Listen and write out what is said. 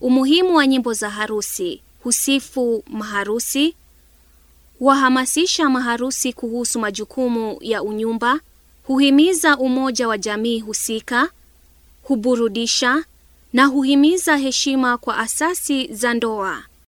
Umuhimu wa nyimbo za harusi: husifu maharusi, huwahamasisha maharusi kuhusu majukumu ya unyumba, huhimiza umoja wa jamii husika, huburudisha na huhimiza heshima kwa asasi za ndoa.